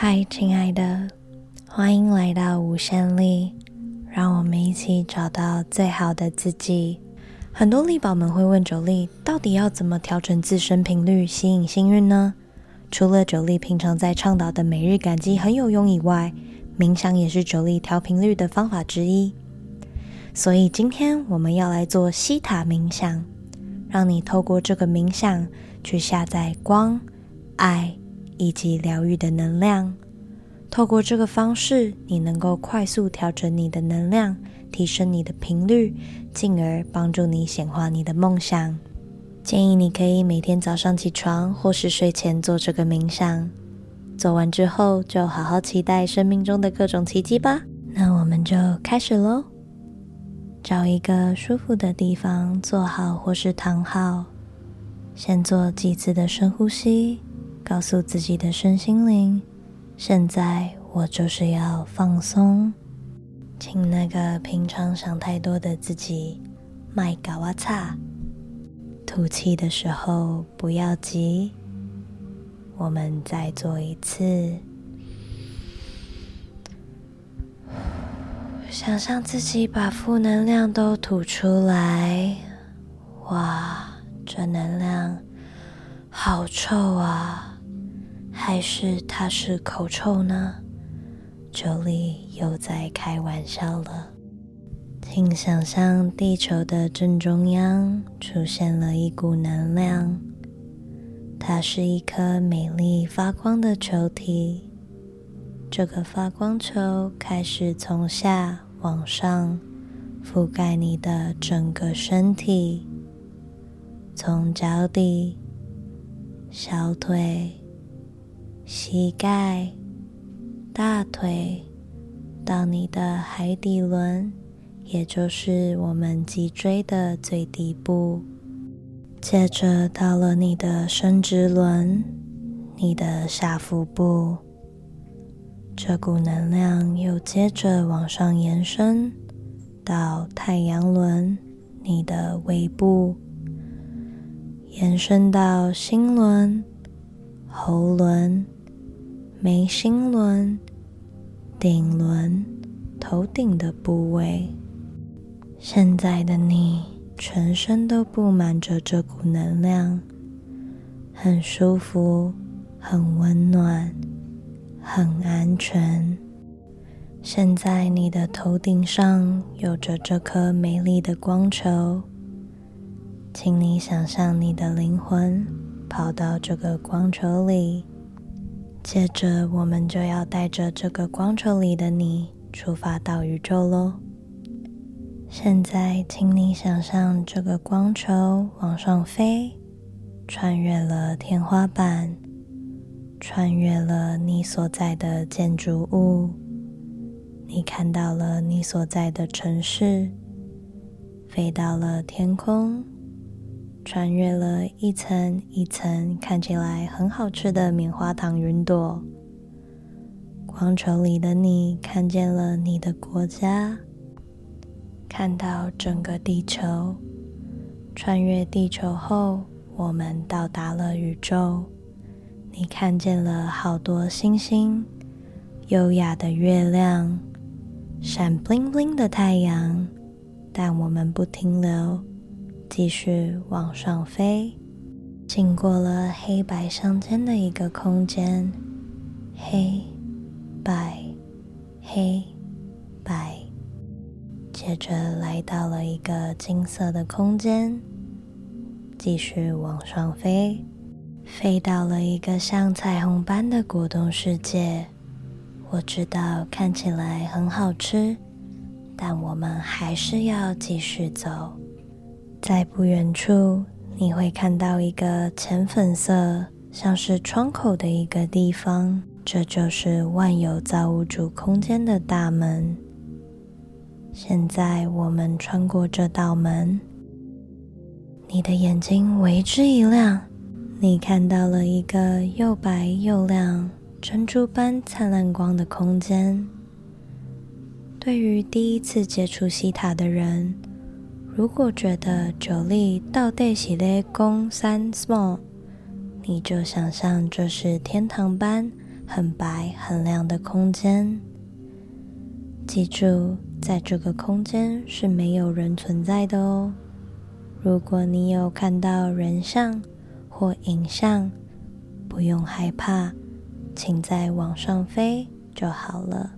嗨，親愛的，歡迎來到無限粒，讓我們一起找到最好的自己。很多粒寶們會問九粒，到底要怎麼調整自身頻率，吸引幸運呢？除了九粒平常在倡導的每日感激很有用以外，冥想也是九粒調頻率的方法之一。所以今天我們要來做希塔冥想，讓你透過這個冥想去下載光、愛。以及療癒的能量，透過這個方式，你能夠快速調整你的能量，提升你的頻率，進而幫助你顯化你的夢想。建議你可以每天早上起床或是睡前做這個冥想。做完之後，就好好期待生命中的各種奇蹟吧。那我們就開始嘍。找一個舒服的地方坐好或是躺好，先做幾次的深呼吸。告訴自己的身心靈，現在我就是要放鬆，請那個平常想太多的自己，賣嘎哇嚓！吐氣的時候不要急，我們再做一次，想象自己把負能量都吐出來，哇，這能量好臭啊！還是他是口臭呢？九粒又在開玩笑了。請想象地球的正中央出現了一股能量，它是一顆美麗發光的球體。這個發光球開始從下往上覆蓋你的整個身體，從腳底、小腿。膝蓋、大腿到你的海底輪，也就是我們脊椎的最底部；接着到了你的生殖輪、你的下腹部，這股能量又接着往上延伸到太陽輪、你的胃部，延伸到心輪、喉輪。眉心輪、頂輪、頭頂的部位，現在的你全身都布滿着這股能量，很舒服，很溫暖，很安全。現在你的頭頂上有着這顆美麗的光球，請你想象你的靈魂跑到這個光球裡。接着，我們就要帶着這個光球裡的你，出發到宇宙嘍。現在，請你想象這個光球往上飛，穿越了天花板，穿越了你所在的建築物，你看到了你所在的城市，飛到了天空。穿越了一層一層看起來很好吃的棉花糖雲朵，光球裡的你看見了你的國家，看到整個地球。穿越地球後，我們到達了宇宙。你看見了好多星星，優雅的月亮，閃 bling bling 的太陽，但我們不停留。繼續往上飛，經過了黑白相間的一個空間，黑，白，黑，白，接着來到了一個金色的空間，繼續往上飛，飛到了一個像彩虹般的果凍世界。我知道看起來很好吃，但我們還是要繼續走。在不遠處，你會看到一個淺粉色，像是窗口的一個地方，這就是萬有造物主空間的大門。現在我們穿過這道門，你的眼睛為之一亮，你看到了一個又白又亮、珍珠般燦爛光的空間。對於第一次接觸希塔的人，如果覺得九粒到底係咧公三小，你就想象，這是天堂般很白很亮的空間。記住，在這個空間是沒有人存在的哦。如果你有看到人像或影像，不用害怕，請再往上飛就好了。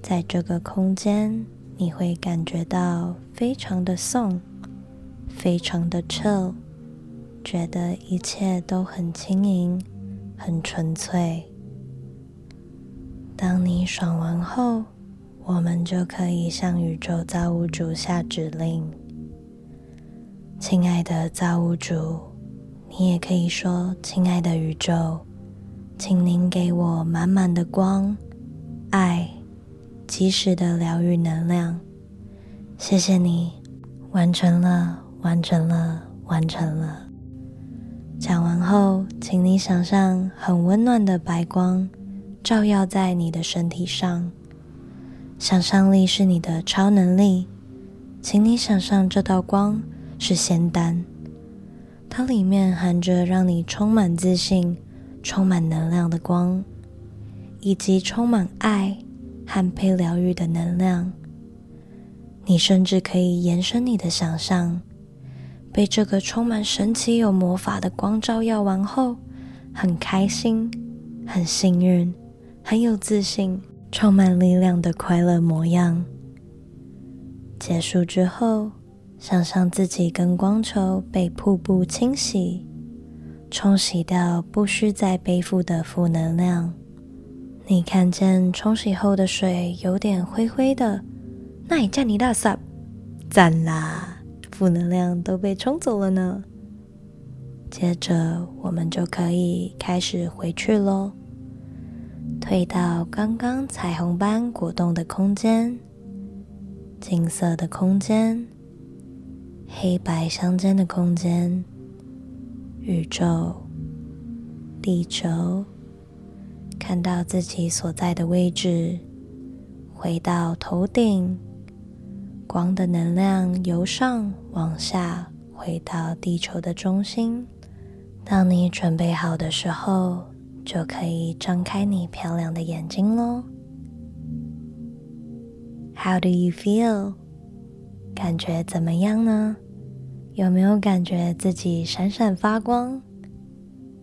在這個空間。你會感覺到非常的鬆，非常的 chill，覺得一切都很輕盈，很純粹。當你爽完後，我們就可以向宇宙造物主下指令。親愛的造物主，你也可以說：“親愛的宇宙，請您給我滿滿的光、愛。”及時的療癒能量，謝謝你，完成了，完成了，完成了。講完後，請你想象很溫暖的白光照耀在你的身體上。想象力是你的超能力，請你想象這道光是仙丹，它裡面含着讓你充滿自信、充滿能量的光，以及充滿愛。和被療癒的能量，你甚至可以延伸你的想象，被這個充滿神奇又魔法的光照耀完後，很開心、很幸運、很有自信、充滿力量的快樂模樣。結束之後，想象自己跟光球被瀑布清洗，沖洗掉不需再背負的負能量。你看見沖洗後的水有點灰灰的，那也叫你大讚讚啦！負能量都被沖走了呢。接着我們就可以開始回去嘍，退到剛剛彩虹般果凍的空間，金色的空間，黑白相間的空間，宇宙，地球。看到自己所在的位置，回到頭頂，光的能量由上往下回到地球的中心。當你準備好的時候，就可以張開你漂亮的眼睛嘍。How do you feel？感覺怎麼樣呢？有沒有感覺自己閃閃發光？